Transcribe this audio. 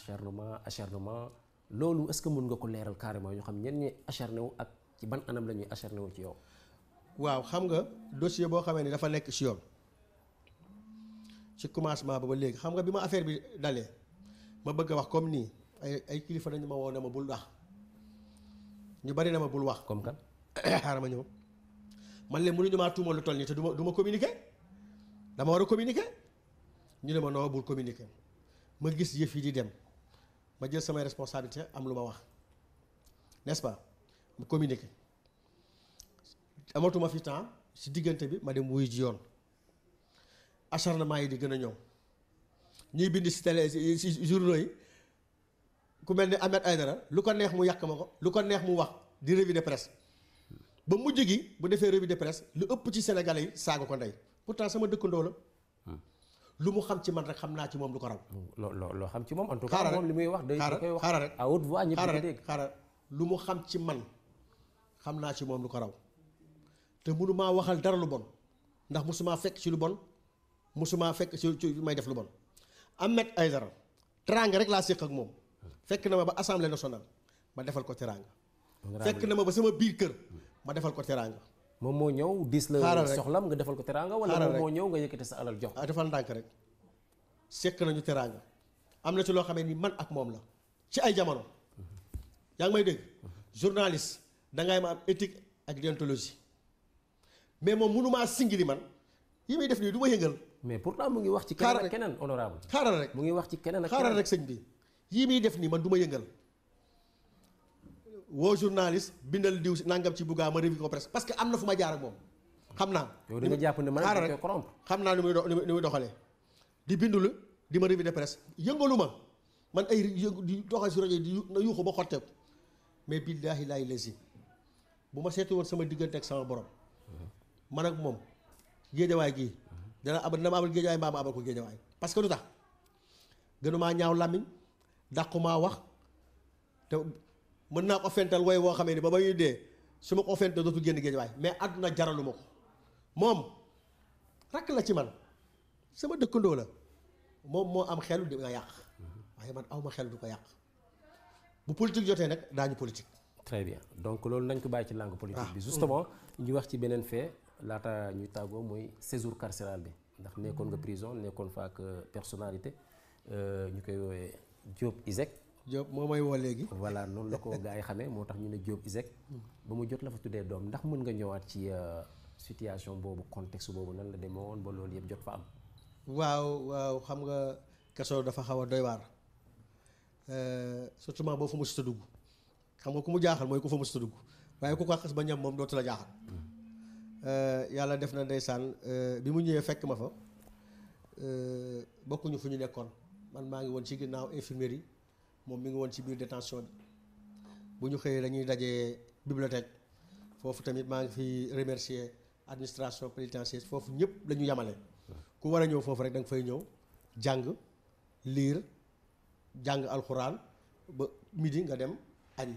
acharnement acharnement loolu est-ce que mun nga ko leeral carrément ñu xam ñen ñi acharné wu ak ci ban anam la ñuy acharné wu ci yow. waaw xam nga dossier boo xamee ni dafa nekk si yoon ci commencement ba ba léegi xam nga bi ma affaire bi dalee ma bëgg a wax comme nii ay ay kilifa dañu ma woo ma bul wax ñu bari na ma bul wax. comme kan xaaral ma ñëw man leen mu maa tuumal lu toll nii te du ma du communiquer dama war a communiquer ñu ne ma noo bul communiquer ma gis yëf yi di dem. ma jël samay responsabilité am lu ma wax n'est-ce pas mu communiqué amatuma fi temps si diggante bi ma dem wuyu ji yoon acharnement yi di gën a ñëw ñuy bind si télé si journaux yi ku mel ni ay dara lu ko neex mu yàq ma ko lu ko neex mu wax di revue de presse ba mujj gi bu defee revue de presse lu ëpp ci Sénégalais yi saaga ko ndey pourtant sama dëkkandoo la. lu mu xam ci man rek xam naa ci moom lu ko raw. loo loo xam ci moom en tout cas muy wax. day koy wax xaaral rek à haute voix ñëpp lu mu xam ci man xam naa ci moom lu ko raw te mënu waxal dara lu bon ndax mosuma fekk ci lu bon mosuma fekk ci ci may def lu bon. ay dara teraanga rek laa séq ak moom fekk na ma ba assemblée nationale ma defal ko teraanga. fekk na ma ba sama biir kër ma defal ko teraanga. moom moo ñëw dis la soxlam nga defal ko teraanga wala moom moo ñëw nga yëkkati sa alal jox ah, defal ndànk rek sekk nañu teraanga am na ci loo xamee ni man ak moom la ci ay jamono yaa ngi may dégg journaliste dangay ma am éthique ak déontologie mais moom mënumaa singili man yi muy def nii du ma yëngal mais pourtant mu ngi wax ci keneen ak keneen honorable xaaral rek mu ngi wax ci keneen ak xaaral rek sëñ bi yii muy def nii man duma ma yëngal woo journaliste bindal diw si nangam ci buggaa ma revi ko presque parce que am na fu ma jaar ak moom xam naa yow da nga jàpp ne man koy corrompre xam naa ni muy ni muy doxalee di bindul di ma revue de presse yëngalu ma man ay yëngu di doxal si rajo di yuuxu ba xotteeku mais billaahi laay lesi bu ma seetu woon sama diggante ak sama borom man ak moom géejawaay gii dana abal dama abal géejawaay mbaa ma abal ko géejawaay parce que lu tax gënumaa ñaaw làmmiñ dàqumaa wax te mën naa ko fental way woo xamee ni ba ba ñuy dee su ma ko fental dootu génn géej waay mais àdduna jaralu ma ko moom rakk la ci man suma dëkkandoo la moom moo am xelu di nga yàq waaye man awma xelu di ko yàq bu politique jotee nag daañu politique. très bien donc loolu nañ ko bàyyi ci langue politique ah. bi. justement ñu wax ci beneen fee laata ñuy tàggoo mooy séjour carcéral bi ndax nekkoon nga prison nekkoon fa ak personnalité euh, ñu koy woowee Diop isek Diop moo may woo léegi. voilà noonu la ko gaa yi xamee moo tax ñu ne Diop ISEC. ba mu jot la fa tuddee doom ndax mën nga ñëwaat ci euh, situation boobu context boobu nan la demee woon ba loolu yëpp jot fa am. waaw waaw xam nga Kaso dafa xaw a doy waar euh, surtout boo fa mosut a dugg xam nga ku mu jaaxal mooy ku fa mu a dugg waaye ku ko xas ba ñam moom dootu la jaaxal. Euh, yàlla def na daysaan bi mu ñëwee fekk ma fa bokkuñu fu ñu nekkoon man maa ngi woon ci ginnaaw infirmerie. moom mi ngi woon ci biir détention bi bu ñu xëyee dañuy dajee bibliothèque foofu tamit maa ngi fi remercier administration pénitentiaire foofu ñëpp la ñu yamale ku war a ñëw foofu rek da nga fay ñëw jàng liir jàng alxuraan ba midi nga dem añi